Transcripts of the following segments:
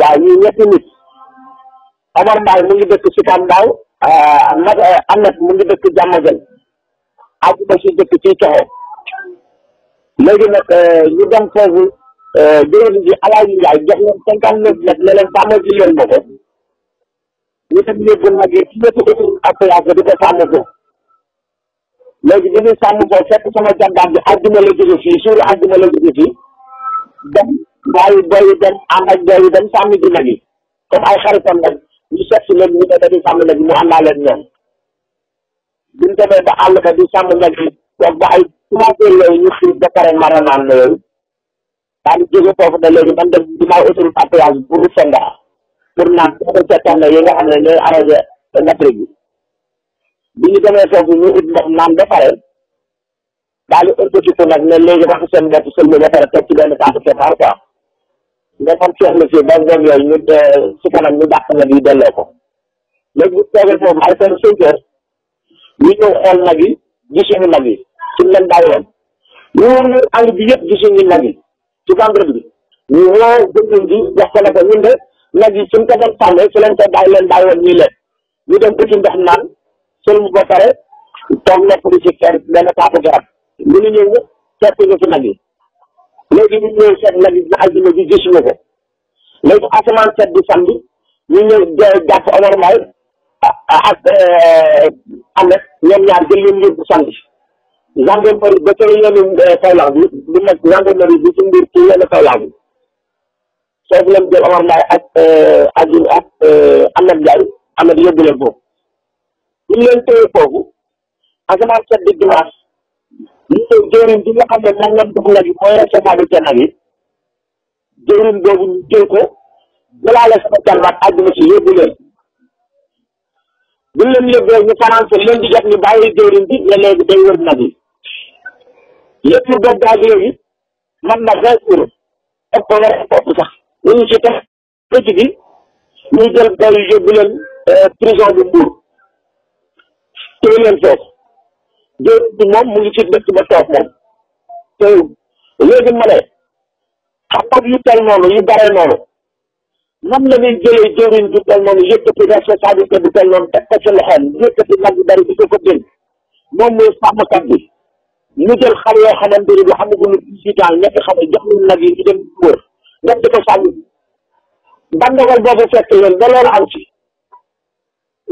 waaw ñuy ñetti nit Omar Mbaye mu ngi dëkk Sicap Mbao nag ah, eh, Amet mu ngi dëkk Diamaguène aju ba si dëkk ci Coxo léegi nag eh, ñu dem foofu eh, jëwriñ ji Alaaji Njaay jox leen cinquante neuf nag ne leen sàmm ji leen ma ko ñu dem yóbbu nag yi ci ñetti autoroute ak péage di ko sàmm ko léegi bi ñuy sàmm ko fekk sama jàmbaar bi àjjuma la jóge fii suuru àjjuma la jóge fii dem gaa yi booy dem ànd ak booy dem sàmm ji nag yi comme ay xaritam nag ñu seet si leen ñu ne dañuy sàmm nag yi mu àndaa leen ñoom buñ demee ba àll ka di sàmm nag yi toog ba ay commentaire yooyu ñu xiif ba pare mara foofu ne léegi man dem dinaa utul patrouillage pour Senda pour naan nga xam ne ñooy arrosé nature bi bi ñu demee foofu ñu ut ndox naan ba pare daal di ëpp nag ne léegi dafa seen bopp seen ba pare teg ci benn taatu keppaar quoi. nga mën Cheikh Monsieur ba zone yooyu ñu su euh, kanam ñu dàq nag ko léegi bu toogee foofu ay seen cinq heures ñu ñëw xool nag yi gisuñu nag yi suñ leen bàyyoon ñu bi yëpp gisuñu nag yi ci vendredi bi ñu woo jëndin bi wax ko ne ko ñun de nag yi suñ ko doon tànnee su leen ko bàyyi leen bàyyi woon ñuy leen ñu dem uti ndox naan sël mu ba pare toog nekk di ci kenn benn taatu garab ñu ñu ñëw fekk ñu fi nag yi léegi ñu ñëw seet nag bi àjjuma bi gisuñu ko léegi asamaan seet bi samedi ñu ñëw jàpp Omar Mbaye ak eh, Ahmed ñoom ñaar jël leen yóbbu samedi gendarmerie ba ca yoonu eh, Kaolack bi bu nekk gendarmerie ci mbir ci yoonu Kaolack bi foofu lañ jël Omar Mbaye ak àjjuma eh, ak Ahmed Ndiaye Ahmed leen foofu ñu leen téye foofu asamaan seet bi dimanche ñu ñëw jëwriñ bi nga xam ne moom lañ jox la gi mooy responsable tenn bi jëwriñ boobu ñu jël ko jëlaale sama calmat àdduna si yóbbu leen buñ leen a ëpp sax ñu yóbbu leen euh, prison bu Mbuur téye leen foofu déet moom mu ngi si dëkk ba toog moom te léegi ma ne xam yu tel noonu yu bare noonu nam la ñuy jëlee jëriñ bu tel noonu yëkkati responsabilité bu tel noonu teg ko ci loxoom yëkkati nag yu bari di ko ko dénk bi ñu jël xale yoo xamante ne bi xamaguñu dix boobu fekk leen ba loolu am ci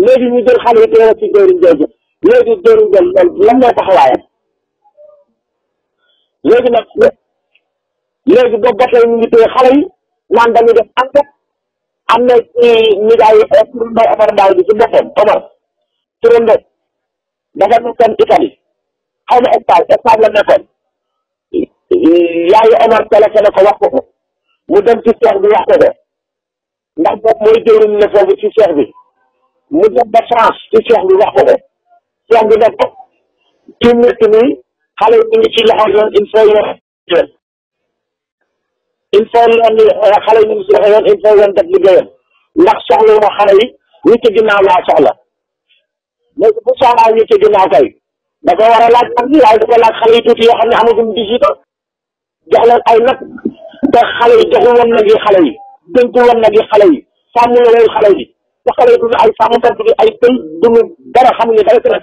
léegi ñu jël xale yi teel a ci jëriñ jooju léegi dóoru gëm lan mooy taxawaayam léegi nag léegi boobu ba tey ñu ngi téye xale yi naan dañu def enquête am na ci nigaayu turandoo Omar Ndao bi ci boppam Omar turandoo dafa nekkoon Italie xaw ma Espagne Espagne la nekkoon yaayu Omar téléphoné ko wax ko ko mu dem ci seex bi wax ko ko ndax boobu mooy jëwriñ ne foofu ci seex bi mu dem ba France ci seex bi wax ko ko wax bi def ko ci nekk nii xale yi ngi ci loxo yoon il faut yoon yoon il faut yoon xale yi ñu ngi ci loxo yoon il faut yoon def liggéeyam ndax soxla wu ma xale yi ñu ci ginnaaw laa soxla léegi bu soxlaa ñu kay da ko a xale yi tuuti yoo xam ne amaguñ dix-huit ans jox ay nag te xale yi joxu woon nag yi xale yi dénku woon nag yi xale yi sàmm leen xale yi te xale yi duñu ay sàmmkat duñu ay béy duñu dara xamuñu dara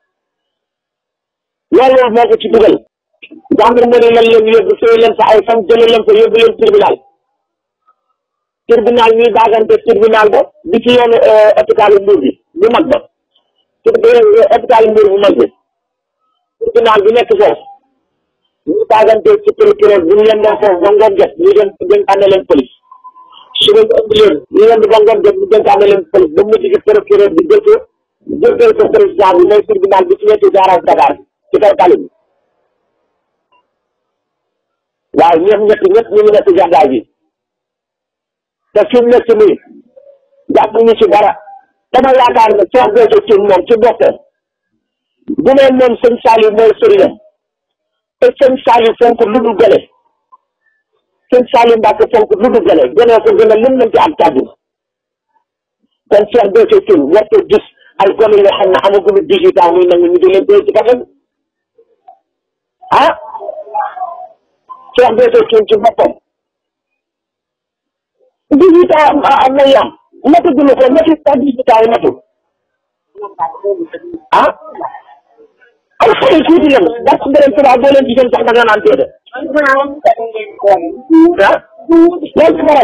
moko ci duggal ci dugal ne lan leen yóbbu sey leen fa ay fan jël leen ko yóbbu leen tribunal tribunal ñuy daagante tribunal ba di ci yoonu hôpital Mbour bi bu mag ba ci hôpital Mbour bu mag bi tribunal bi nekk foofu ñu daagante ci procureur bu ñu leen fof foofu ba ngoon jot ñu dem dénkaane leen police su ko ëpp leen ñu leen di ba ngoon jot ñu dénkaane leen police bu mu ci gi procureur bi def ko jël ko président bi mooy tribunal bi ci wetu garage Dakar bi ci kaw tali bi waaye ñoom ñett ñëpp ñu ngi nekk gendarme bi te fi mu nekk nii jàpp ñu ci dara dama yaakaar ne Cheikh Béthio Thioune moom ci boppam bu ne moom sëñ Saliou mooy sëriñam te sëñ Saliou fonk lu du gële sëñ Saliou Mbacke fonk lu du gële gënee ko gën a lim nañ ci am kàddu kon Cheikh Béthio Thioune warta gis ay gone yoo xam ne amaguñu 18 ans ah Cheikh Béthio Thioune ci boppam dix-huit ans am na yam matagul ko ñetti sax dix-huit ans yi matul ah ay xale yu tuuti lañu barke Borom Tuubaa boo leen gisoon sax da nga naan déedéet ah.